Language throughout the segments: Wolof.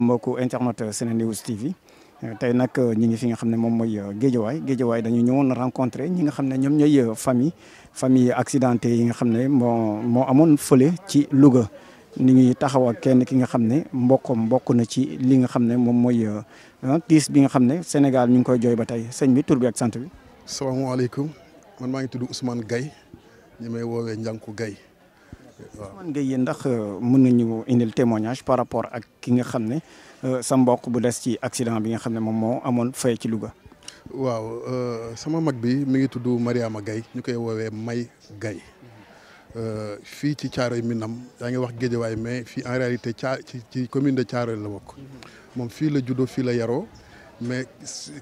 mbokku internet SeneNews TV tey nag euh, ñi ngi fi nga xam ne moom mooy euh, géejawaay géejawaay dañu ñëwoon rencontrer ñi nga xam ne ñoom ñooy euh, famille famille accidenté yi nga xam ne moo moo amoon fële ci Louga ni ngi taxaw kenn ki nga xam ne mbokkam bokk na ci li nga xam ne moom mooy tiis bi nga xam ne Sénégal ñu ngi koy jooy ba tey sëñ bi tur bi ak sant bi. salaamaaleykum man maa ngi tudd Ousmane gay ñi may woowee Ndiankou Gaye man euh, nga yéen ndax mën nañu indil témoignage par rapport ak ki nga xam ne euh, sa mbokk bu des ci accident bi nga xam ne moom moo amoon fay ci Louga. waaw euh, sama mag bi mi ngi tudd Mariama Gaye ñu koy woowee May Gaye fii ci Thiaroye Minam yaa ngi wax Guédiawaye mais fii en réalité caa ci ci commune de Thiaroye la bokk moom fii la juddoo fii la yaroo mais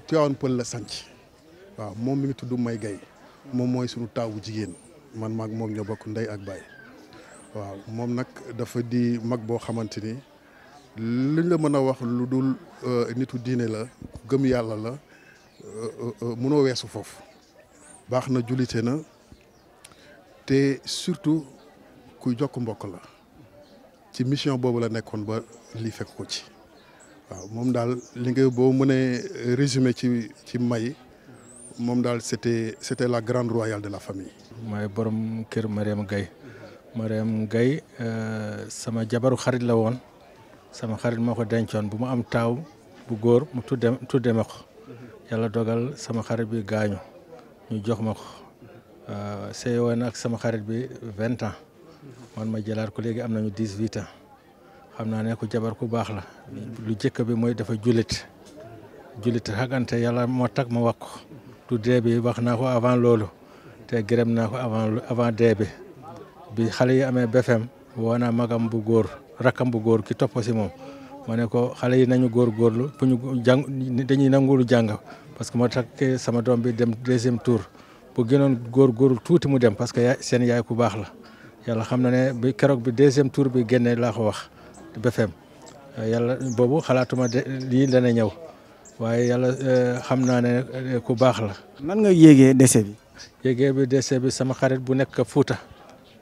Tivaouane Peulh la sanc waaw moom mi ngi tudd May Gaye moom mooy sunu taawu jigéen man maag moom ñoo bokk ndey ak baay. waaw moom nag dafa di mag boo xamante ni luñ la mën a wax lu dul euh, nitu diine la gëm yàlla la euh, euh, mënoo weesu foofu baax na julite na te surtout ku jokk mbokk la ci mission boobu la nekkoon ba lii fekk ko ci waaw moom daal li nga boo mënee résumé ci ci may moom daal c'était c'était la grande royale de la famille. mooy borom kër Mariam Gaye Mariam Gaye euh, sama jabaru xarit la woon sama xarit moo ko dencoon bu mu am taaw bu góor mu tudde tudde ma ko yàlla dogal sama xarit bi gaañu ñu jox ma ko euh, sey woon ak sama xarit bi vingt ans man ma jëlaat ko léegi am nañu dix-huit ans xam naa ne ko jabar ku baax la lu jëkk bi mooy dafa jullit jullit xagante yàlla moo tax ma wax ko du dee wax naa ko avant loolu te gërëm naa ko avant avant bi xale yi amee BFM woo naa magam bu góor rakkam bu góor ki topp si moom ma ne ko xale yi nañu góor góorlu pour ñu jàng dañuy nangulu jàng parce que moo takk sama doom bi dem deuxième tour bu gënoon góor góorlu tuuti mu dem parce que yaay seen yaay ku baax la yàlla xam na ne bi keroog bi deuxième tour bi génnee laa ko wax BFM yàlla boobu xalaatuma de lii dana ñëw waaye yàlla euh, xam naa ne euh, ku baax la. nan nga yéegee décès yéegee bi décès sama xarit bu nekk fuuta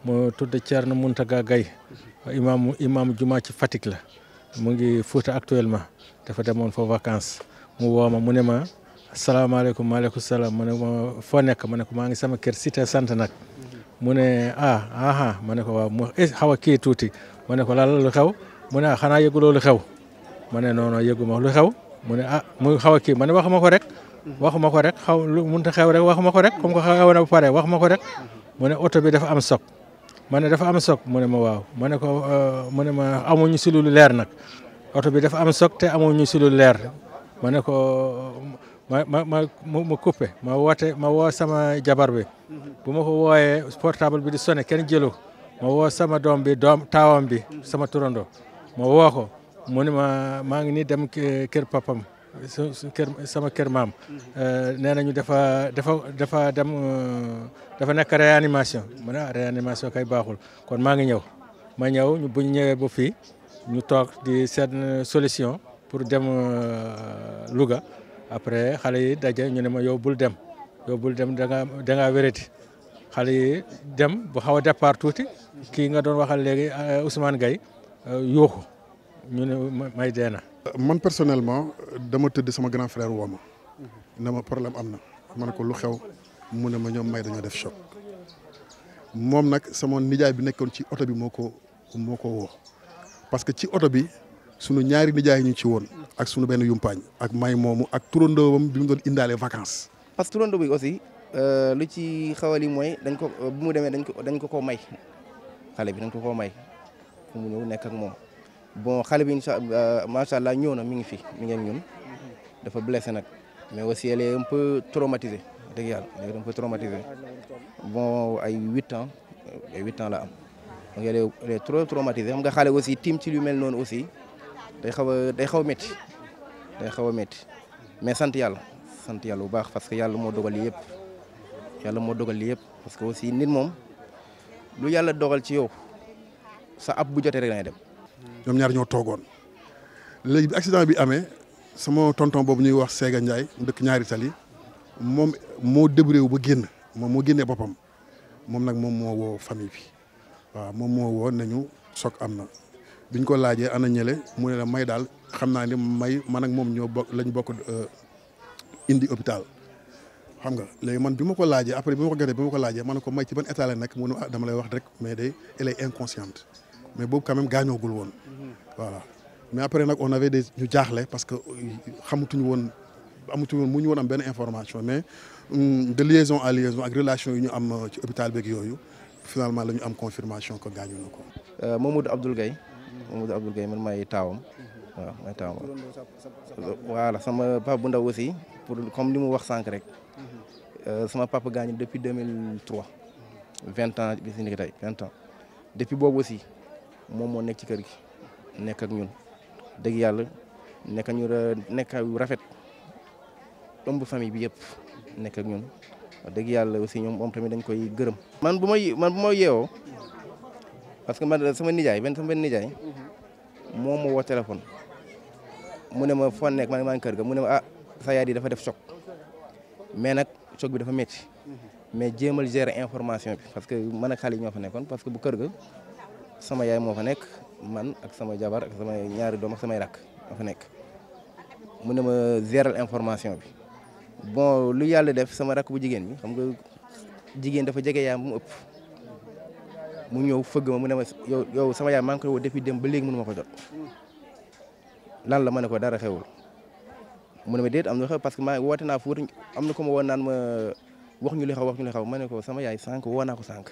mu tudd Thierno Mountaga Gaye imam imam jumaa ci Fatick la mu ngi Fouta actuellement dafa demoon fa vacances mu woo ma mu ne ma salaamaaleykum maaleykum salaam mu ne ma foo nekk ma ne ko maa ngi sama ker cité sant nag mu ne ah aha ah. ma ne ko waaw mu eh, xaw a kii tuuti ma ne ko lan la lu xew mu ne ah xanaa yëguloo lu xew ma ne non non yëguma lu xew mu ne ah mu xaw a kii ma ne waxuma ko rek. waxuma ko rek xaw lu mënta xew rek waxuma ko rek comme que xew na ko rek mu ne oto bi am sok ma ne dafa am soog mu ne ma waaw ma ne ko euh, mu ne ma amuñu si lu leer nag oto bi dafa am soog te amuñu si lu leer ma ne ko ma ma ma ma coupé ma woote ma woo sama jabar bi bu ma ko wooyee portable bi di sonné kenn jëlu ma woo sama doom bi doom taawam bi sama turando ma woo ko mu ne ma maa ngi nii dem kër papam su sama kër maam. Euh, nee nañu dafa dafa dafa dem euh, dafa nekk réanimation mu ne ah, réanimation kay baaxul kon maa ngi ñëw ma ñëw ñu buñ ñëwee ba fii ñu toog di seet euh, solution pour dem Louga après xale yi daje ñu ne ma yow bul dem yow bul dem danga ngaa da ngaa wérati xale yi dem bu xaw a départ tuuti. kii nga doon waxal léegi Ousmane gay yuuxu. ñu ne may dee na. man personnellement dama tëdd sama grand frère woo ma na ma problème am na ma ne ko lu xew mu na ma ñoom may dañoo def choc moom nag sama nijaay bi nekkoon ci oto bi moo ko moo ko woo parce que ci oto bi sunu ñaari nijaay ñu ci woon ak sunu benn yumpaañ ak may moomu ak turandoowam bi mu doon indaale vacances. parce que turandoo bi aussi euh, lu ci xawali mooy dañ ko mu demee dañ ko ko koo may xale bi dañ ko ko may fu mu ñëw nekk ak moom. bon xale bi incha euh, macha allah ñëw na mi ngi fi mi ngi ak ñun dafa blessé nak mais aussi elle est un peu traumatisée dëgg yàlla elle est un peu traumatisée bon ay 8 ans ay 8 ans la am donc elle est elle est trop traumatisée xam nga xalé aussi tim ci lu mel non aussi day xaw day xaw metti day xaw metti mais sante yàlla sante yàlla bu baax parce que yalla mo dogal yépp yalla mo dogal yépp parce que aussi nit mom lu yalla dogal ci yow sa ab bu joté rek lay dem ñoom ñaar ñoo togon léegi bi accident bi amé sama tonton bobu ñuy wax Séga Ndiaye ndëk ñaari tali mom mo débrouillé ba génn mom mo génné bopam mom nak mom mo famille bi waaw mom mo wo nañu sok amna biñ ko la may dal xamna ni may man ak euh, indi hôpital xam nga man ko après ko ko man ko may ci ban état mu ah, dama lay wax rek est inconsciente mais Bob quand même gaañoogul woon voilà mais après on avait des ñu parce que nous avons une bonne mu ñu am information mais hum, de liaison à liaison avec relation yi ñu am euh, ci hôpital finalement la ñu am confirmation que nous avons ko. Euh, Mamadou Abdoul Gay, Mamadou Abdoul Gay, man maay taawam. waaw voilà sama papa bu aussi pour comme li mu wax sànq rek. Euh, sama papa gagne depuis 2003. 20 ans bi si 20 ans depuis Bob aussi. moom moo nekk ci kër gi nekk ak ñun dëgg yàlla nekk ñu nekk rafet ëmb famille bi yëpp nekk ñun dëgg yàlla aussi ñoom moom tamit dañ koy gërëm. man bu may man bu may yeewoo parce que man sama nijaay benn sama benn nijaay moom moo woo téléphone mu ne ma foo nekk man maa ngi kër ga mu ne ma ah sa yaay di dafa def choc mais nag choc bi dafa métti mhm. mais jéemal gérer information bi parce que man ak xale yi ñoo fa nekkoon parce que bu kër ga. sama yaay moo fa nekk man ak sama jabar ak sama ñaari doom ak samay rakk moo fa nekk mu ne ma géral information bi bon lu yàlla def sama rakk bu jigéen bi xam nga jigéen dafa jege yaay mu ëpp mu ñëw fëgg ma mu ne ma yow yow sama yaay maa ngi koy woo dem ba léegi mënu ma ko jot lan la ma ne ko dara xewul mu ne am na xew parce que maa woote naa fuut na ko ma ñu li xaw wax xaw ma ne ko sama yaay sànq woo naa ko sànq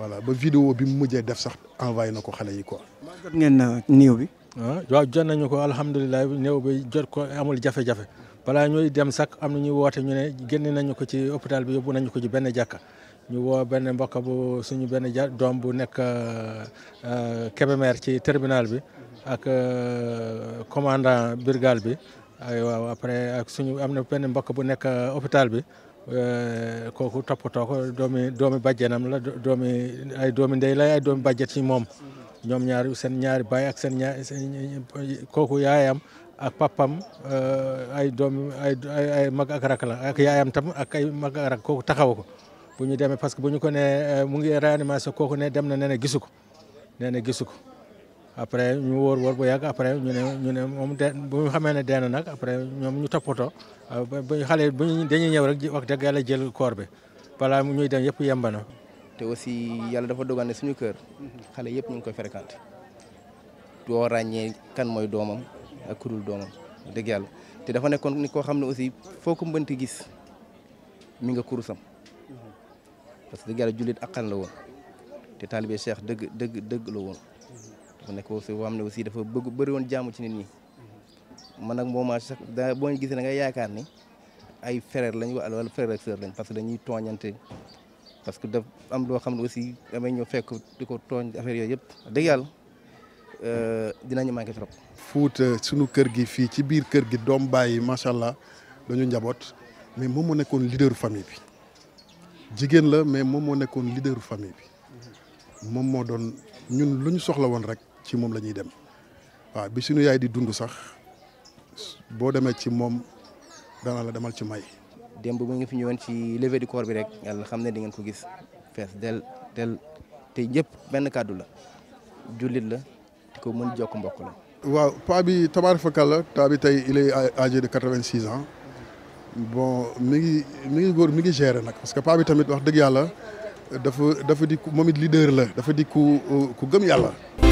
voilà ba vidéo bi mu vidéo def sax envoyé nako xalé yi quoi. ngeen néew bi. Ah, waaw jot nañu ko alhamdulilah néew bi jot ko amul jafé jafé balaa ñuy dem sax am ñuy ñu né nañu ko ci hôpital bi yobu nañu ko ci ñu mbokk bu suñu euh, euh, terminal bi ak euh, commandant brigade bi waaw après ak suñu amna hôpital bi Eh, kooku toppatoo ko doomi doomi bàjjenam la doomi ay doomi ndey la ay doomi bàjjet ci moom ñoom ñaari seen ñaari baay ak seen ñaar kooku yaayam ak papam eh, ay doomi ay ay mag ak rak la ak yaayam tam ak ay mag ak rak kooku taxaw ko bu ñu demee parce que bu ñu ko nee eh, mu ngi réanimation kooku ne dem na nee na gisu ko nee na gisu ko après ñu woor wóor bu yàgg après ñu ne ñu ne moom de bu xamee ne dee na nag après ñoom ñu toppatoo euh, ba xale bu ñu dañuy ñëw rek wax dëgg yàlla jël koor bi balaa ñuy dem yëpp yemba na. te aussi yàlla dafa dogal ne suñu kër xale yëpp ñu ngi koy fréquenté doo ràññee kan mooy doomam ak kudul doomam dëgg yàlla te dafa nekkoon ni koo xam ne aussi foo ko mbënti gis mi nga kurusam parce que dëgg yàlla jullit akkan la woon te taalibe Cheikh dëgg dëgg dëgg la woon. mu nekk wërsëg boo aussi dafa bëgg bëri woon jàmm ci nit ñi man sax da boo gisee da ngay yaakaar ni ay frère lañ wala frère ak sœur lañ parce que dañuy tooñante parce que daf am loo xam aussi damay fekk di ko affaire yooyu yëpp dinañu trop. sunu kër gi fii ci biir kër gi doom bàyyi dañu mais leader famille bi jigéen la mais leader famille bi moom moo doon ñun lu soxla rek. ci moom la ñuy dem waaw bi suñu yaay di dund sax boo demee ci moom dana la demal ci may. démb bu ngi fi ñëwoon ci levée du corps bi rek la xam ne di ngeen ko gis fees del del te ñëpp benn kàddu la jullit la te ko mën jokk mbokk la. waaw paa bi tabaarkalla paa bi tey il est âgé de quatre-vingt-six ans bon mi ngi mi ngi góor nag parce que paa bi tamit wax dëgg yàlla dafa dafa di moom it leader la dafa di ku gëm yàlla.